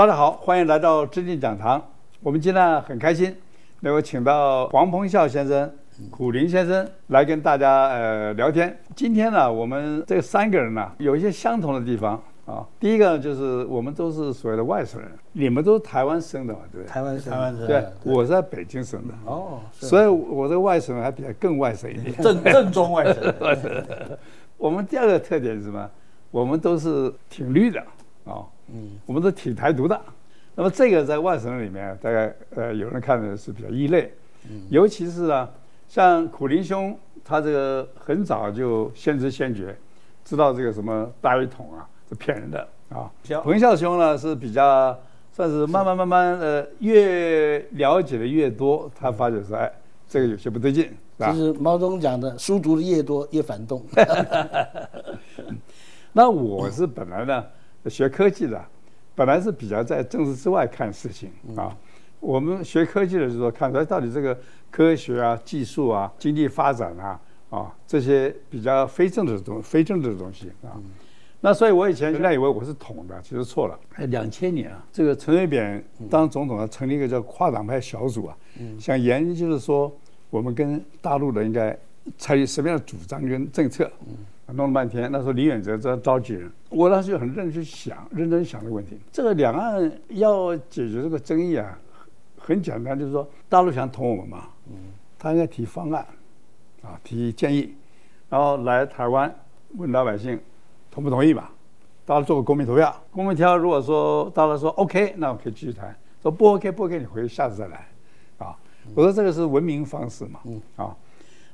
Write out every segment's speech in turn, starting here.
大家好，歡迎來到知定講堂。我們今天很開心，那我請到黃澎孝先生、苦苓先生來跟大家呃聊天。今天呢，我們這三個人呢有一些相同的地方啊、哦。第一個就是我們都是所謂的外省人，你們都是台灣生的嘛，對，對台灣生，台灣生。對，對我是在北京生的。哦，所以我這個外省人還比較更外省一點，正正宗外省。 我們第二個特點是什麼？我們都是挺綠的啊。哦嗯， 我們都挺台獨的，那麼這個在外省人裡面，大概呃有人看的是比較異類，嗯，尤其是呢，像苦苓兄，他這個很早就先知先覺，知道這個什麼大一統啊是騙人的啊。比較 澎孝兄呢是比較算是慢慢慢慢呃越了解的越多，他發覺說哎，這個有些不對勁。其實毛澤東講的，書讀的越多越反動。 那我是本來呢。嗯學科技的，本來是比較在政治之外看事情、嗯、啊。我們學科技的就是說看出來到底這個科學啊、技術啊、經濟發展啊啊這些比較非政治的東非政治的東西啊。嗯、那所以，我以前原來以為我是統的，嗯、其實錯了、哎。兩千年啊，這個陳水扁當總統啊，成立一個叫跨黨派小組啊，嗯、想研究就是說我們跟大陸的應該採取什麼樣的主張跟政策。嗯弄了半天，那時候李遠哲在召集人，我當時就很認真想，認真想這個問題。這個兩岸要解決這個爭議啊，很簡單，就是說大陸想統我們嘛，嗯，他應該提方案，啊，提建議，然後來台灣問老百姓同不同意嘛，大家做個公民投票，公民投票如果說大家說 OK，那我可以繼續談；說不 OK，不 OK 你回，下次再來，啊，我說這個是文明方式嘛，嗯，啊，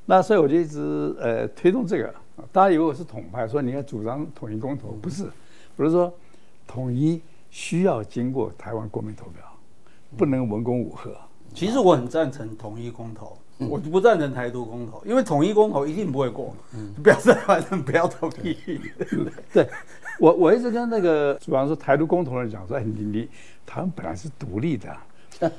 那所以我就一直呃推動這個。大家以為我是統派，說你要主張統一公投，不是，我是說統一需要經過台灣國民投票，不能文攻武嚇。其實我很贊成統一公投，嗯、我不贊成台獨公投，因為統一公投，一，公投一定不會過。嗯、不要再發生，不要投屁。 對，我我一直跟那個主張說台獨公投的人講說：“哎、你你，台灣本來是獨立的，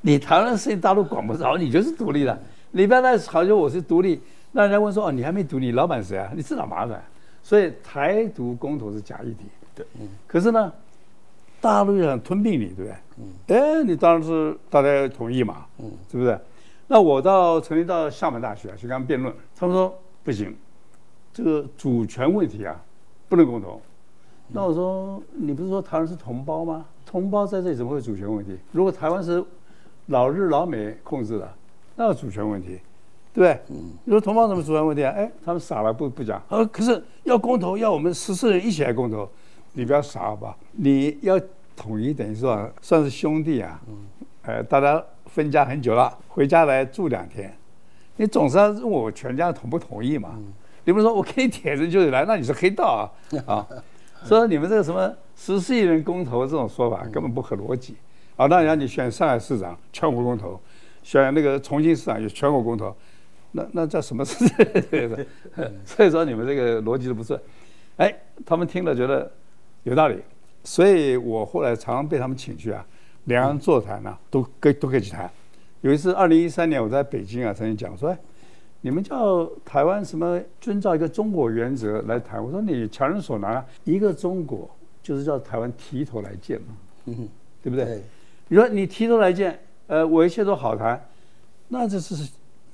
你台灣的事情大陸管不着，你就是獨立的。你不要再嘲笑我是獨立。”那人家問說：“哦，你還沒讀，你老板是誰啊？你自找麻煩。”所以台獨公投是假議題。對，嗯、可是呢，大陸想吞併你，對不對？嗯。哎，你當然是大家同意嘛。嗯。是不是？那我到曾經到廈門大學去跟他們辯論，他們說、嗯、不行，這個主權問題啊，不能公投。那我說，嗯、你不是說台灣是同胞嗎？同胞在這裡怎麼會有主權問題？如果台灣是老日老美控制的，那個主權問題。對，對你說同胞怎麼出現問題啊？哎，他們傻了不不講。呃，可是要公投，要我們十四人一起來公投，你不要傻好吧？你要統一，等於說算是兄弟啊。呃，大家分家很久了，回家來住兩天，你總是要問我全家同不同意嘛？你不是說我給你帖子就來，那你是黑道啊啊！ 所以你們這個什麼十四億人公投這種說法根本不合邏輯。啊，當然你選上海市長全國公投，選那個重慶市長也全國公投。那那叫什麼事？ 嗯、所以說你們這個邏輯都不順，哎，他們聽了覺得有道理，所以我後來常常被他們請去啊，兩岸座談吶、啊嗯，都跟都跟去談。有一次，二零一三年我在北京啊，曾經講說：“哎，你們叫台灣什麼？遵照一個中國原則來談。”我說：“你強人所難、啊，一個中國就是叫台灣提頭來見嘛，嗯，對不對？嗯、你說你提頭來見，呃，我一切都好談，那這是。”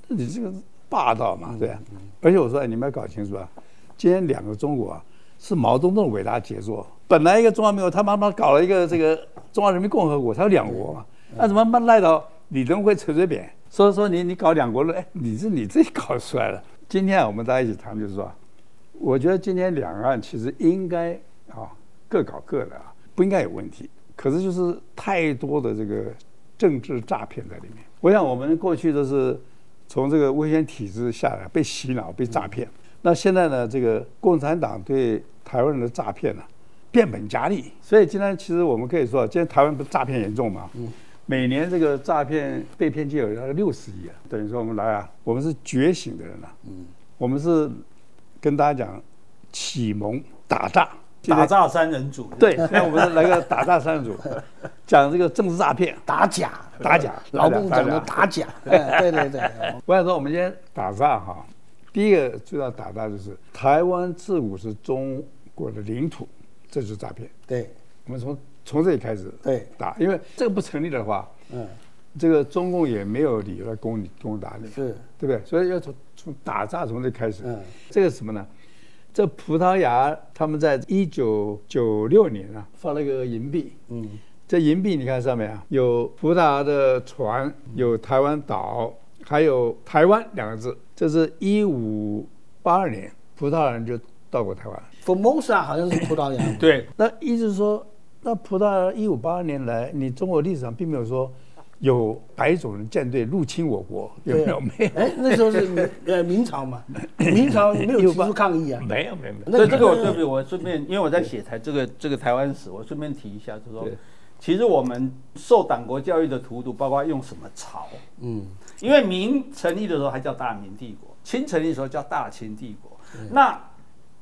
這你這個霸道嘛，對、啊、而且我說，哎，你們要搞清楚啊，今天兩個中國啊，是毛澤東的偉大傑作，本來一個中華民國他慢慢搞了一個這個中華人民共和國，才有兩國嘛，那怎麼慢，慢賴到李登輝、陳水扁？所以說，說，你你搞兩國論，哎，你是你這搞出來了。今天啊，我們大家一起談，就是說，我覺得今天兩岸其實應該啊，各搞各的啊，不應該有問題。可是就是太多的這個政治詐騙在裡面。我想我們過去都是。從這個威權體制下來，被洗腦、被詐騙、嗯。那現在呢？這個共產黨對台灣人的詐騙呢、啊，變本加厲。所以今天，其實我們可以說，今天台灣不是詐騙嚴重嗎？嗯，每年這個詐騙被騙金額，大概是六十億啊。嗯、等於說，我們來啊，我們是覺醒的人了、啊。嗯，我們是跟大家講啟蒙打詐。打詐三人組，對，那我們來個打詐三人組，講這個政治詐騙，打假，打假，老共講的打假，對對對。我想說，我們今天打詐哈，第一個最大打詐就是台灣自古是中國的領土，這就是詐騙。對，我們從從這裡開始對。打，因為這個不成立的話，嗯，這個中共也沒有理由來攻你，攻打你，是，對不對？所以要從從打詐從這開始，嗯，這個什麼呢？這葡萄牙他們在一九九六年啊，發了一個銀幣。嗯，這銀幣你看上面啊，有葡萄牙的船，有台灣島，還有台灣兩個字。這是一五八二年，葡萄牙人就到過台灣。Formosa 好像是葡萄牙。 對，那意思是說，那葡萄牙一五八二年來，你中國歷史上並沒有說。有白種人艦隊入侵我國有沒有、啊？沒有。哎，那時候是明 呃明朝嘛，明朝沒有提出抗議啊？沒有，沒有，沒有。那個、所以這個我對不對，嗯、我順便因為我在寫台、嗯、這個、這個、這個台灣史，我順便提一下，就是說，嗯、其實我們受黨國教育的荼毒，包括用什麼朝、嗯？嗯，因為明成立的時候還叫大明帝國，清成立的時候叫大清帝國。嗯、那。嗯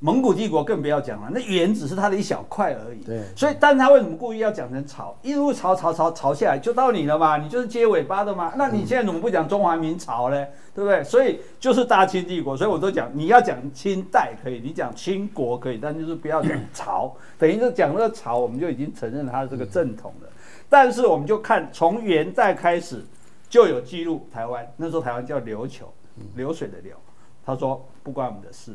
蒙古帝國更不要講了，那元只是它的一小塊而已。對，所以，但它為什麼故意要講成朝？一路朝朝朝朝，朝下來，就到你了嘛，你就是接尾巴的嘛。那你現在怎麼不講中華民朝呢？嗯、對不對？所以就是大清帝國。所以我都講，你要講清代可以，你講清國可以，但就是不要講朝，嗯、等於是講這個朝，我們就已經承認了他這個正統了。嗯、但是我們就看，從元代開始就有記錄台灣，那時候台灣叫琉球，流水的流，他說不關我們的事。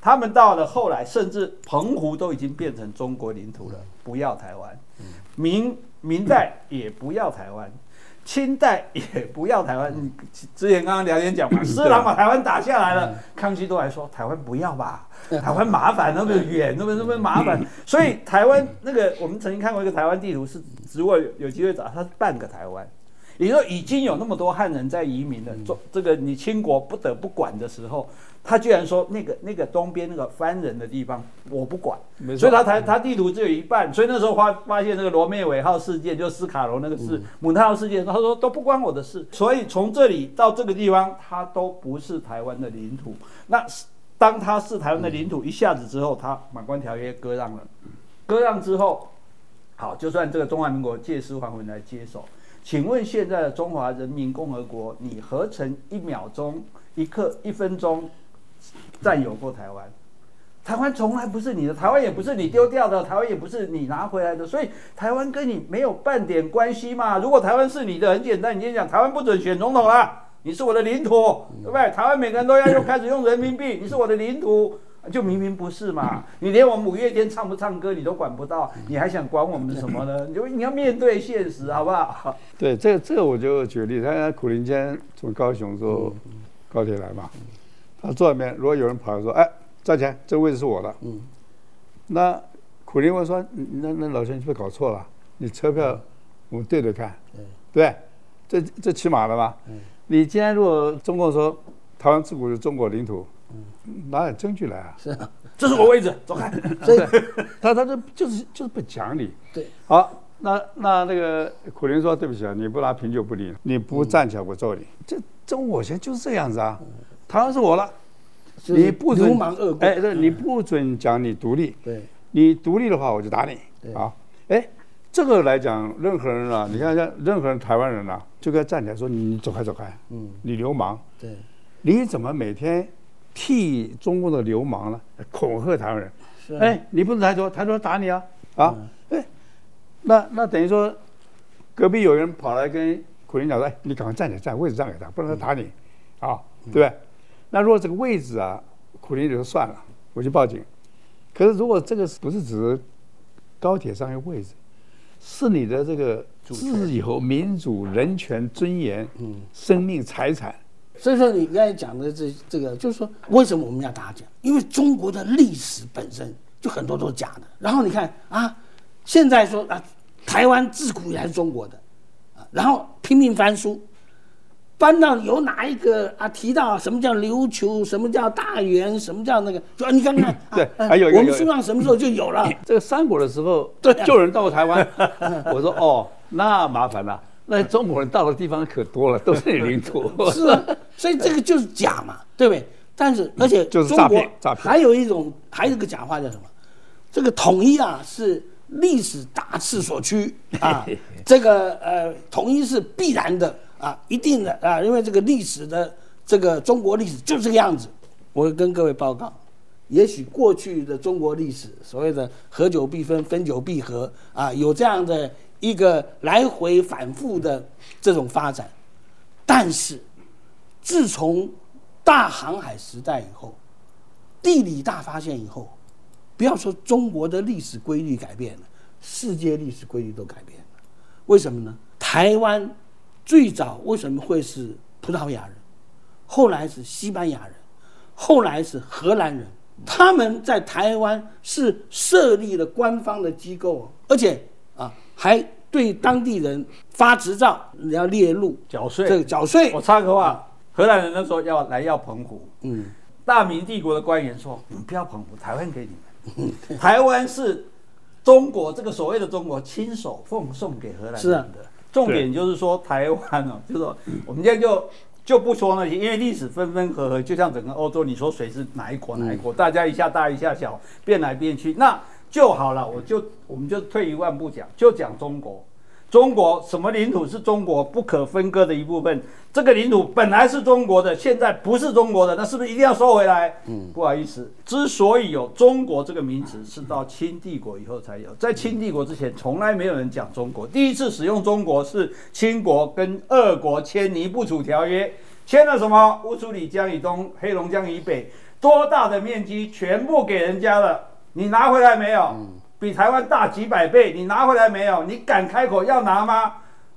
他們到了後來，甚至澎湖都已經變成中國領土了，不要台灣。明明代也不要台灣，清代也不要台灣。之前剛剛聊天講嘛，施琅把台灣打下來了，對康熙都還說台灣不要吧，台灣麻煩，那麼遠，那麼那麼麻煩。所以台灣那個，我們曾經看過一個台灣地圖，是如果有機會找，它是半個台灣。你說已經有那麼多漢人在移民了，做這個你清國不得不管的時候，他居然說那個那個東邊那個番人的地方我不管，沒錯，所以他台，嗯、他地圖只有一半，所以那時候發發現那個羅妹號事件，就斯，是，卡羅那個事母，嗯、號事件，他說都不關我的事，所以從這裡到這個地方，它都不是台灣的領土。那當它是台灣的領土，嗯、一下子之後，他馬關條約割讓了，割讓之後，好，就算這個中華民國借屍還魂來接手。請問現在的中華人民共和國，你何曾一秒鐘、一刻、一分鐘占有過台灣？台灣從來不是你的，台灣也不是你丟掉的，台灣也不是你拿回來的，所以台灣跟你沒有半點關係嘛。如果台灣是你的，很簡單，你先講台灣不准選總統啦。你是我的領土，對不對？台灣每個人都要用開始用人民幣，你是我的領土。就明明不是嘛！嗯、你連我們五月天唱不唱歌你都管不到，嗯、你還想管我們什麼呢？嗯、你就你要面對現實，好不好？對，這個這個、我就舉例，在苦苓兄從高雄坐高鐵來嘛，嗯嗯、他坐那邊，如果有人跑來說：“哎，站前，這個、位置是我的。”嗯，那苦苓兄說：“你那那老鄉是不是搞錯了？你車票我對着看，嗯、對，對這這起碼的吧？嗯、你今天如果中共說台灣自古是中國領土。”拿點證據來啊！是，這是我位置，走開！他他這就是就是不講理。對，好，那那那個苦苓說對不起啊，你不拿瓶酒不理，你不站起來我揍你。這這我現在就是這樣子啊，台灣是我了，你不流氓惡。哎，對，你不准講你獨立。對，你獨立的話我就打你。對啊，哎，這個來講任何人啊，你看像任何人台灣人啊，就該站起來說你走開走開。嗯，你流氓。對，你怎麼每天？替中國的流氓了，恐嚇臺灣人。是、啊，哎、欸，你不能抬頭，抬頭打你啊，啊，哎、嗯欸，那那等於說，隔壁有人跑來跟苦苓說：“哎、欸，你趕快站起來站，站位置讓給他，不然他打你，嗯、啊，對，對、嗯、那如果這個位置啊，苦苓就說算了，我就報警。可是如果這個不是指高鐵上一個位置，是你的這個自由、民主、人權、尊嚴、嗯嗯、生命、財產。所以說你剛才講的這這個，就是說為什麼我們要打假，因為中國的歷史本身就很多都是假的。然後你看啊，現在說啊，台灣自古也是中國的，啊，然後拼命翻書，翻到有哪一個啊提到什麼叫琉球，什麼叫大元，什麼叫那個，說你看看， 對，啊哎、還有一個我們書上什麼時候就有了？ 這個三國的時候，對，就有人到過台灣。我說哦，那麻煩了、啊。那中國人到的地方可多了，都是領土。 是啊，所以這個就是假嘛，對不對？但是而且就是詐騙，還有一種，還有一個假話叫什麼？這個統一啊，是歷史大勢所趨啊。 這個呃，統一是必然的啊，一定的啊，因為這個歷史的這個中國歷史就這個樣子。我跟各位報告，也許過去的中國歷史所謂的“合久必分，分久必合”啊，有這樣的。一個來回反覆的這種發展，但是自從大航海時代以後，地理大發現以後，不要說中國的歷史規律改變了，世界歷史規律都改變了。為什麼呢？台灣最早為什麼會是葡萄牙人，後來是西班牙人，後來是荷蘭人？他們在台灣是設立了官方的機構，而且。啊、還對當地人發執照，你，嗯、要列入繳稅。繳稅這個繳稅，我插個話，荷蘭人那時候要來要澎湖，嗯，大明帝國的官員說，你，嗯、不要澎湖，台灣給你們，嗯、台灣是中國這個所謂的中國親手奉送給荷蘭人的。是啊、重點就是說台灣哦、啊，對就說我們現在就就不說那些，因為歷史分分合合，就像整個歐洲，你說誰是哪一國哪一國，嗯、大家一下大一下小，變來變去。那就好了，我就我們就退一萬步講，就講中國。中國什麼領土是中國不可分割的一部分？這個領土本來是中國的，現在不是中國的，那是不是一定要收回來？嗯，不好意思，之所以有“中國”這個名詞，是到清帝國以後才有。在清帝國之前，從來沒有人講中國。第一次使用“中國”是清國跟俄國簽《尼布楚條約》，簽了什麼？烏蘇里江以東、黑龍江以北，多大的面積全部給人家了？你拿回來沒有？比台灣大幾百倍，你拿回來沒有？你敢開口要拿嗎？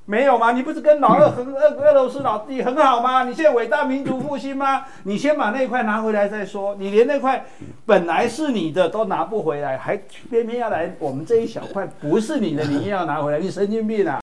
沒有嗎？你不是跟俄、俄、俄羅斯老弟很好嗎？你現在偉大民族復興嗎？你先把那塊拿回來再說。你連那塊本來是你的都拿不回來，還偏偏要來我們這一小塊不是你的，你硬要拿回來，你神經病啊！